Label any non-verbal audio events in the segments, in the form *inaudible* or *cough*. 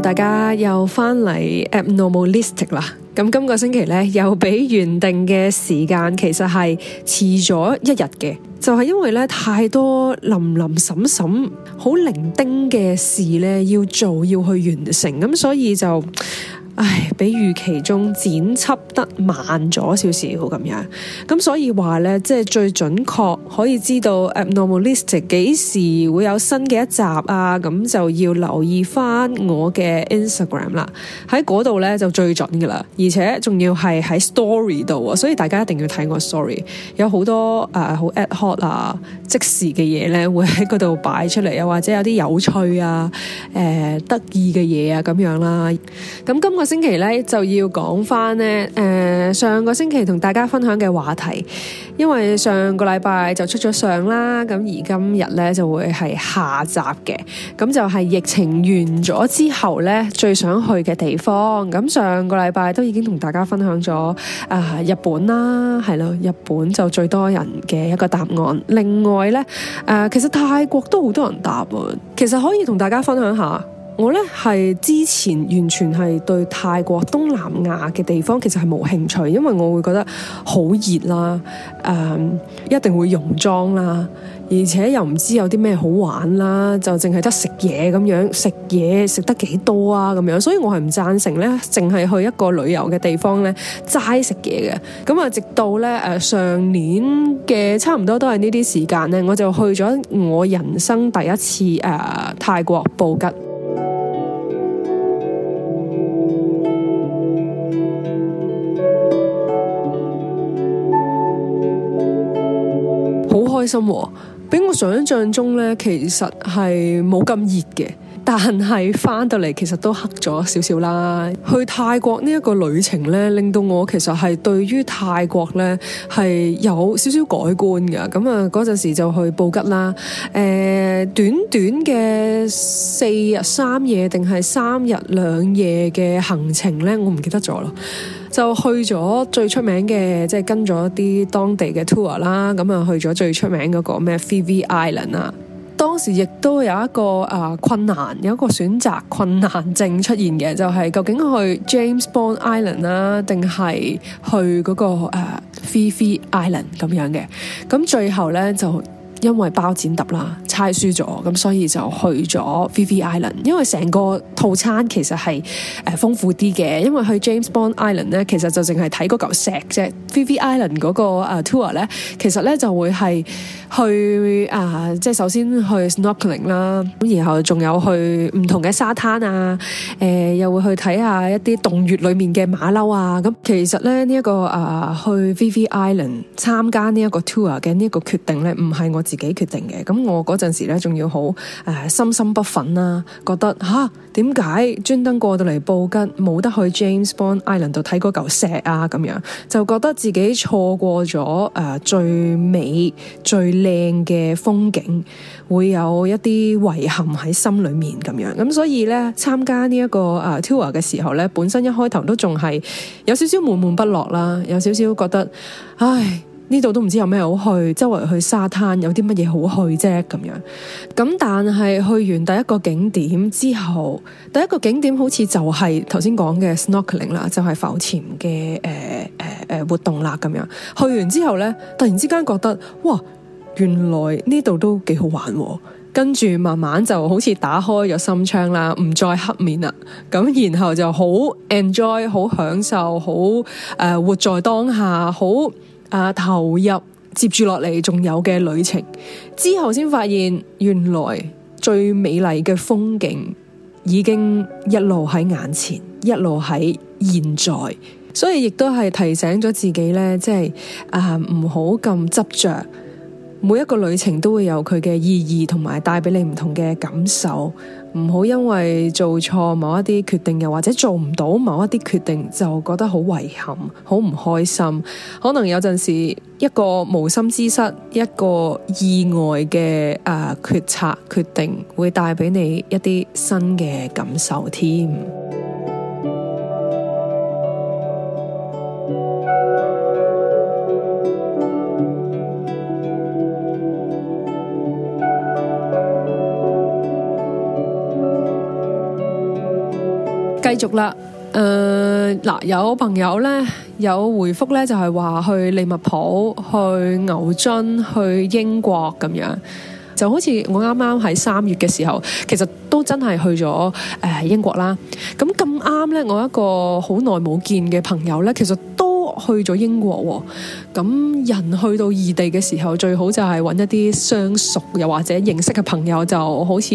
大家又返嚟 Abnormalistic 啦，咁今個星期呢又比原定嘅時間其實係遲咗一日嘅，就係因為呢太多林林沈沈好零丁嘅事呢要做要去完成，咁所以就。唉，比預期中剪輯得慢咗少少咁樣，咁所以話咧，即係最準確可以知道《誒 Normal List》幾時會有新嘅一集啊，咁就要留意翻我嘅 Instagram 啦，喺度咧就最準嘅啦，而且仲要係喺 Story 度啊，所以大家一定要睇我 Story，有好多誒好、呃、ad hoc 啊，即時嘅嘢咧會喺度擺出嚟，啊或者有啲有趣啊、誒、呃、得意嘅嘢啊咁樣啦，咁今個，個星期咧就要講翻咧，誒、呃、上個星期同大家分享嘅話題，因為上個禮拜就出咗相啦，咁而今日咧就會係下集嘅，咁就係疫情完咗之後咧最想去嘅地方。咁上個禮拜都已經同大家分享咗啊、呃、日本啦，係咯日本就最多人嘅一個答案。另外咧誒、呃、其實泰國都好多人答，其實可以同大家分享下。我咧係之前完全係對泰國東南亞嘅地方其實係冇興趣，因為我會覺得好熱啦，誒、呃、一定會溶妝啦，而且又唔知有啲咩好玩啦，就淨係得食嘢咁樣，食嘢食得幾多啊，咁樣，所以我係唔贊成咧，淨係去一個旅遊嘅地方咧齋食嘢嘅咁啊。直到咧誒、呃、上年嘅差唔多都係呢啲時間咧，我就去咗我人生第一次誒、呃、泰國布吉。開心喎，比我想象中咧，其實係冇咁熱嘅。但係翻到嚟其實都黑咗少少啦。去泰國呢一個旅程呢，令到我其實係對於泰國呢係有少少改觀嘅。咁、嗯、啊，嗰陣時就去布吉啦。誒、呃，短短嘅四日三夜定係三日兩夜嘅行程呢，我唔記得咗咯。就去咗最出名嘅，即係跟咗一啲當地嘅 tour 啦。咁、嗯、啊，去咗最出名嗰個咩 Phi Phi Island 啊。當時亦都有一個啊、呃、困難，有一個選擇困難症出現嘅，就係、是、究竟去 James Bond Island 啦、那個，定係去嗰個 Fifi Island 咁樣嘅，咁最後呢，就。因為包剪揼啦，猜輸咗，咁所以就去咗 Vivi Island。因為成個套餐其實係誒豐富啲嘅，因為去 James Bond Island 咧，那個呃，其實就淨係睇嗰嚿石啫。Vivi Island 個誒 tour 咧，其實咧就會係去誒，啊，即係首先去 snorkeling 啦，咁然後仲有去唔同嘅沙灘啊，誒、呃、又會去睇下一啲洞穴裏面嘅馬騮啊。咁其實咧呢一、這個誒、呃、去 Vivi Island 參加呢一個 tour 嘅呢一個決定咧，唔係我。自己決定嘅，咁我嗰陣時咧仲要好誒、呃，心心不忿啦、啊，覺得吓，點解專登過到嚟，布吉冇得去 James Bond Island 度睇嗰嚿石啊，咁樣就覺得自己錯過咗誒、呃、最美最靚嘅風景，會有一啲遺憾喺心裏面咁樣，咁所以呢，參加呢、這、一個誒、呃、tour 嘅時候呢，本身一開頭都仲係有少少悶悶不樂啦，有少少覺得唉。呢度都唔知有咩好去，周圍去沙灘有啲乜嘢好去啫，咁樣咁。但係去完第一個景點之後，第一個景點好似就係頭先講嘅 snorkeling 啦，就係、是、浮潛嘅誒誒誒活動啦，咁樣去完之後呢，突然之間覺得哇，原來呢度都幾好玩、哦。跟住慢慢就好似打開咗心窗啦，唔再黑面啦。咁然後就好 enjoy，好享受，好誒、呃、活在當下，好。啊！投入，接住落嚟仲有嘅旅程，之後先發現原來最美麗嘅風景已經一路喺眼前，一路喺現在，所以亦都係提醒咗自己咧，即係啊，唔好咁執着。每一個旅程都會有佢嘅意義同埋帶俾你唔同嘅感受，唔好因為做錯某一啲決定，又或者做唔到某一啲決定，就覺得好遺憾、好唔開心。可能有陣時一個無心之失、一個意外嘅誒、呃、決策決定，會帶俾你一啲新嘅感受添。繼續啦，誒嗱，有朋友咧有回覆咧，就係話去利物浦、去牛津、去英國咁樣，就好似我啱啱喺三月嘅時候，其實都真係去咗誒英國啦。咁咁啱咧，我一個好耐冇見嘅朋友咧，其實。去咗英國喎、哦，咁人去到異地嘅時候，最好就係揾一啲相熟又或者認識嘅朋友，就好似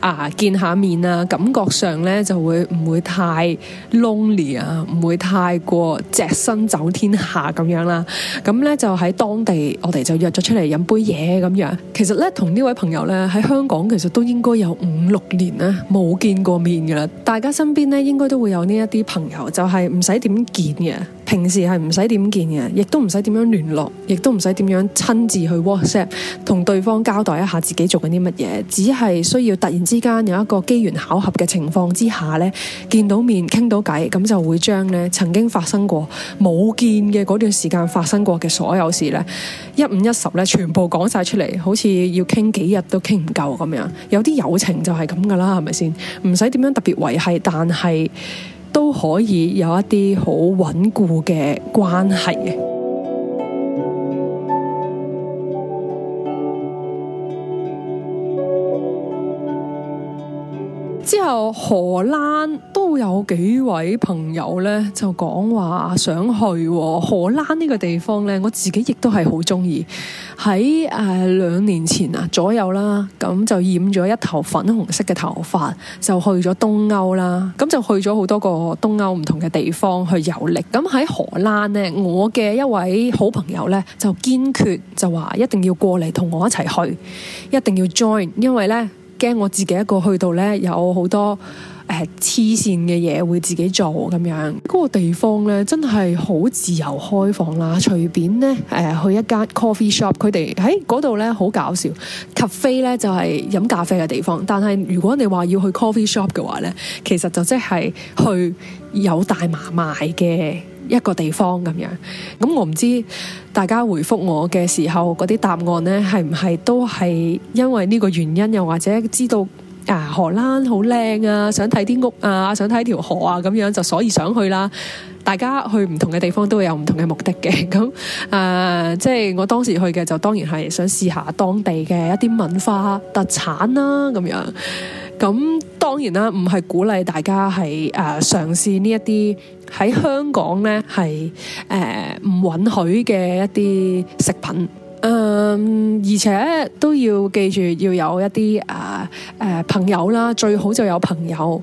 啊見下面啊，感覺上咧就會唔會太 lonely 啊，唔會太過隻身走天下咁樣啦。咁咧就喺當地，我哋就約咗出嚟飲杯嘢咁樣。其實咧，同呢位朋友咧喺香港，其實都應該有五六年啦，冇見過面噶啦。大家身邊咧應該都會有呢一啲朋友，就係唔使點見嘅，平時。係唔使點見嘅，亦都唔使點樣聯絡，亦都唔使點樣親自去 WhatsApp 同對方交代一下自己做緊啲乜嘢，只係需要突然之間有一個機緣巧合嘅情況之下呢，見到面傾到偈，咁就會將呢曾經發生過冇見嘅嗰段時間發生過嘅所有事呢，一五一十呢全部講晒出嚟，好似要傾幾日都傾唔夠咁樣。有啲友情就係咁噶啦，係咪先？唔使點樣特別維繫，但係。都可以有一啲好穩固嘅關係。荷蘭都有幾位朋友咧，就講話想去、哦、荷蘭呢個地方咧。我自己亦都係好中意，喺誒兩年前啊，左右啦，咁就染咗一頭粉紅色嘅頭髮，就去咗東歐啦。咁就去咗好多個東歐唔同嘅地方去遊歷。咁喺荷蘭呢，我嘅一位好朋友咧，就堅決就話一定要過嚟同我一齊去，一定要 join，因為咧，驚我自己一個去到呢，有好多誒黐線嘅嘢會自己做咁樣。嗰個地方呢，真係好自由開放啦，隨便呢，誒去一間 coffee shop，佢哋喺嗰度呢，好搞笑。cafe 呢就係飲咖啡嘅地方，但係如果你話要去 coffee shop 嘅話呢，其實就即係去有大麻賣嘅。一個地方咁樣，咁、嗯、我唔知大家回覆我嘅時候嗰啲答案呢係唔係都係因為呢個原因，又或者知道？啊，荷蘭好靚啊，想睇啲屋啊，想睇條河啊，咁樣就所以想去啦。大家去唔同嘅地方都會有唔同嘅目的嘅，咁誒，即係我當時去嘅就當然係想試下當地嘅一啲文化特產啦，咁樣。咁當然啦，唔係鼓勵大家係誒嘗試呢一啲喺香港呢係誒唔允許嘅一啲食品。嗯，而且都要記住要有一啲誒誒朋友啦，最好就有朋友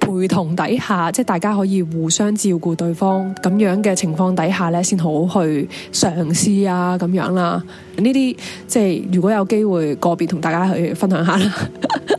陪同底下，即係大家可以互相照顧對方，咁樣嘅情況底下咧，先好去嘗試啊咁樣啦。呢啲即係如果有機會個別同大家去分享下啦。 *laughs*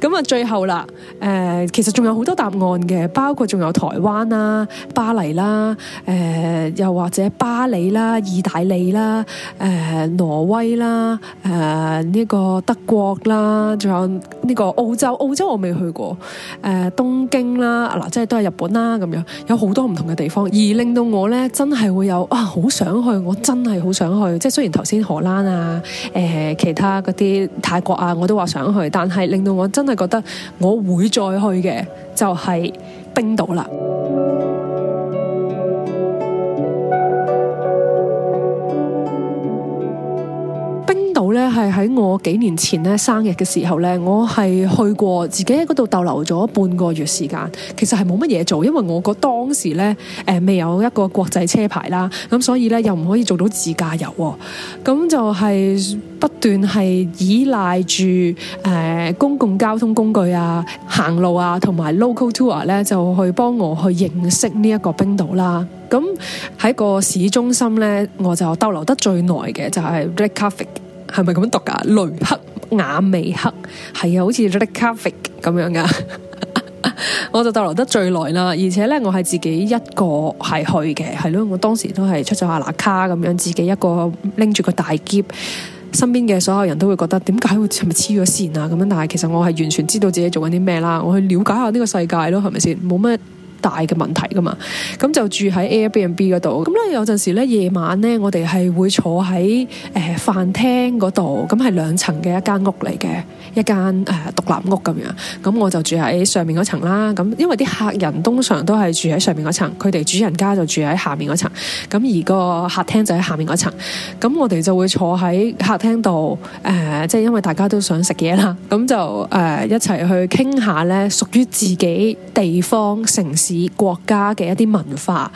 咁啊，最後啦，誒、呃，其實仲有好多答案嘅，包括仲有台灣啦、巴黎啦，誒、呃，又或者巴黎啦、意大利啦，誒、呃，挪威啦，誒、呃，呢、這個德國啦，仲有呢個澳洲，澳洲我未去過，誒、呃，東京啦，嗱、呃，即係都係日本啦，咁樣有好多唔同嘅地方，而令到我咧，真係會有啊，好想去，我真係好想去，即係雖然頭先荷蘭啊，誒、呃，其他嗰啲泰國啊，我都話想去，但係令我真係覺得，我會再去嘅就係、是、冰島啦。係喺我幾年前咧生日嘅時候咧，我係去過自己喺嗰度逗留咗半個月時間。其實係冇乜嘢做，因為我個當時咧誒未有一個國際車牌啦，咁所以咧又唔可以做到自駕遊。咁就係不斷係依賴住誒、呃、公共交通工具啊、行路啊，同埋 local tour 咧、啊，就去幫我去認識呢一個冰島啦、啊。咁喺個市中心咧，我就逗留得最耐嘅就係 Reykjavik。係咪咁讀噶？雷克雅維克係啊，好似 the cafe 咁樣噶。 *laughs* 我就逗留得最耐啦，而且咧，我係自己一個係去嘅，係咯。我當時都係出咗下拿卡咁樣，自己一個拎住個大篋，身邊嘅所有人都會覺得點解會係咪黐咗線啊？咁樣，但係其實我係完全知道自己做緊啲咩啦，我去了解下呢個世界咯，係咪先？冇乜大嘅問題噶嘛，咁就住喺 Airbnb 度。咁咧有陣時咧夜晚咧，我哋係會坐喺誒飯廳度。咁係兩層嘅一間屋嚟嘅，一間誒獨立屋咁樣，咁我就住喺上面層啦。咁因為啲客人通常都係住喺上面層，佢哋主人家就住喺下面層，層。咁而個客廳就喺下面層，層。咁我哋就會坐喺客廳度，誒即係因為大家都想食嘢啦，咁就誒、呃、一齊去傾下咧屬於自己地方城市。國家嘅一啲文化，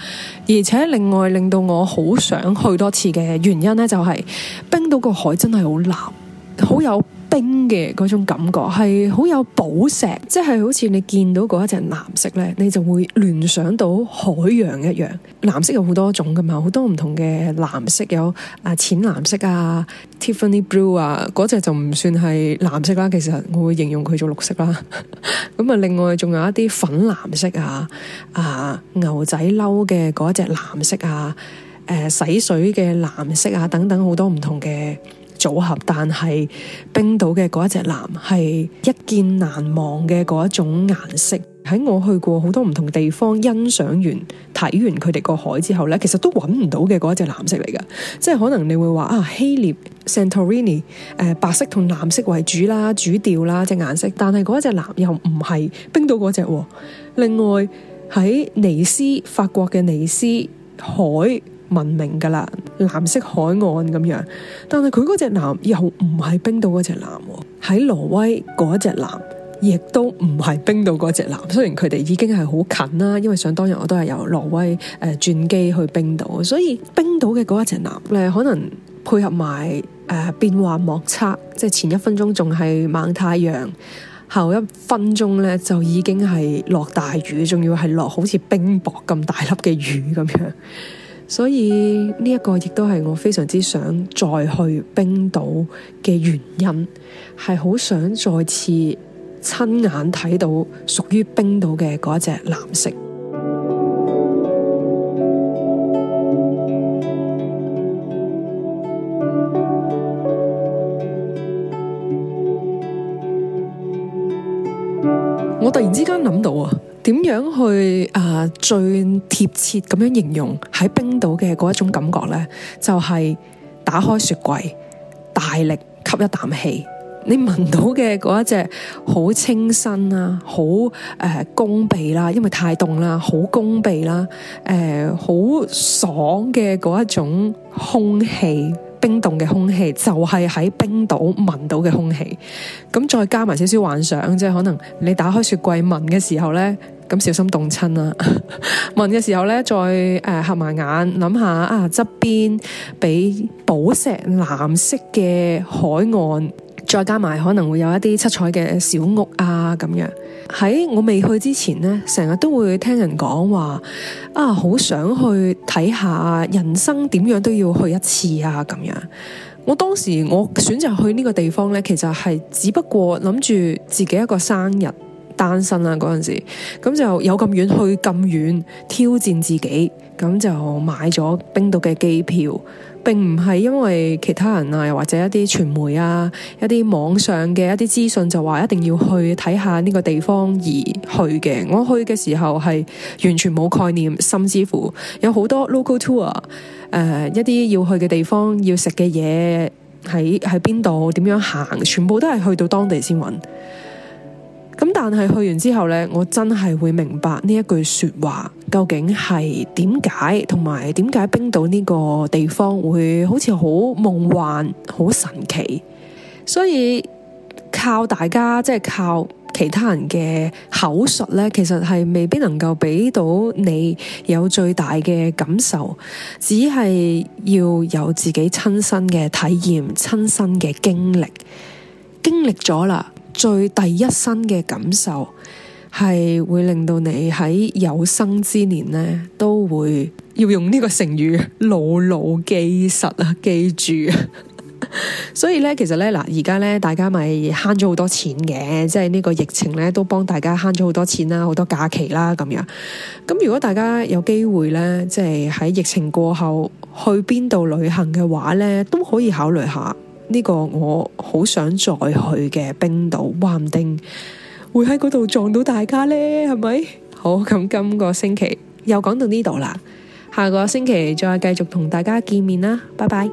而且另外令到我好想去多次嘅原因呢，就係冰島個海真係好藍，好有。冰嘅嗰種感覺係好有寶石，即係好似你見到嗰一隻藍色呢，你就會聯想到海洋一樣。藍色有好多種噶嘛，好多唔同嘅藍色，有啊淺藍色啊、Tiffany Blue 啊，嗰隻就唔算係藍色啦。其實我會形容佢做綠色啦。咁啊，另外仲有一啲粉藍色啊、啊牛仔褸嘅嗰一隻藍色啊、啊洗水嘅藍色啊等等，好多唔同嘅。組合，但係冰島嘅嗰一隻藍係一見難忘嘅嗰一種顏色。喺我去過好多唔同地方欣賞完睇完佢哋個海之後呢，其實都揾唔到嘅嗰一隻藍色嚟㗎。即係可能你會話啊，希臘 Santorini，呃、白色同藍色為主啦，主調啦，隻顏色。但係嗰一隻藍又唔係冰島嗰隻喎。另外喺尼斯法國嘅尼斯海。文明噶啦，藍色海岸咁樣，但係佢嗰隻藍又唔係冰島嗰隻藍喎，喺挪威嗰隻藍亦都唔係冰島嗰隻藍。雖然佢哋已經係好近啦，因為想當日我都係由挪威誒轉機去冰島，所以冰島嘅嗰隻藍呢可能配合埋誒變化莫測，即係前一分鐘仲係猛太陽，後一分鐘呢就已經係落大雨，仲要係落好似冰雹咁大粒嘅雨咁樣。所以呢一個亦都係我非常之想再去冰島嘅原因，係好想再次親眼睇到屬於冰島嘅嗰一隻藍色。我突然之間諗到啊！點樣去啊，最貼切咁樣形容喺冰島嘅嗰一種感覺呢？就係打開雪櫃，大力吸一啖氣，你聞到嘅嗰一隻好清新啦，好誒攻鼻啦，因為太凍啦，好攻鼻啦，誒好爽嘅嗰一種空氣，冰凍嘅空氣，就係喺冰島聞到嘅空氣。咁再加埋少少幻想，即係可能你打開雪櫃聞嘅時候呢。咁小心凍親啦、啊！問 *laughs* 嘅時候咧，再誒合埋眼，諗下啊，側邊畀寶石藍色嘅海岸，再加埋可能會有一啲七彩嘅小屋啊，咁樣。喺我未去之前咧，成日都會聽人講話啊，好想去睇下，人生點樣都要去一次啊，咁樣。我當時我選擇去呢個地方咧，其實係只不過諗住自己一個生日。單身啦嗰陣時，咁就有咁遠去咁遠挑戰自己，咁就買咗冰島嘅機票。並唔係因為其他人啊，又或者一啲傳媒啊，一啲網上嘅一啲資訊就話一定要去睇下呢個地方而去嘅。我去嘅時候係完全冇概念，甚至乎有好多 local tour，誒、呃、一啲要去嘅地方要，要食嘅嘢喺喺邊度，點樣行，全部都係去到當地先揾。咁但係去完之後呢，我真係會明白呢一句說話究竟係點解，同埋點解冰島呢個地方會好似好夢幻、好神奇。所以靠大家，即係靠其他人嘅口述呢，其實係未必能夠俾到你有最大嘅感受，只係要有自己親身嘅體驗、親身嘅經歷，經歷咗啦。最第一身嘅感受，係會令到你喺有生之年呢，都會要用呢個成語，牢牢記實啊，記住。 *laughs* 所以呢，其實呢，嗱，而家呢，大家咪慳咗好多錢嘅，即係呢個疫情呢都幫大家慳咗好多錢啦，好多假期啦，咁樣。咁如果大家有機會呢，即係喺疫情過後去邊度旅行嘅話呢，都可以考慮下。呢個我好想再去嘅冰島，話唔定會喺嗰度撞到大家呢？係咪？好，咁、嗯，今個星期又講到呢度啦，下個星期再繼續同大家見面啦，拜拜。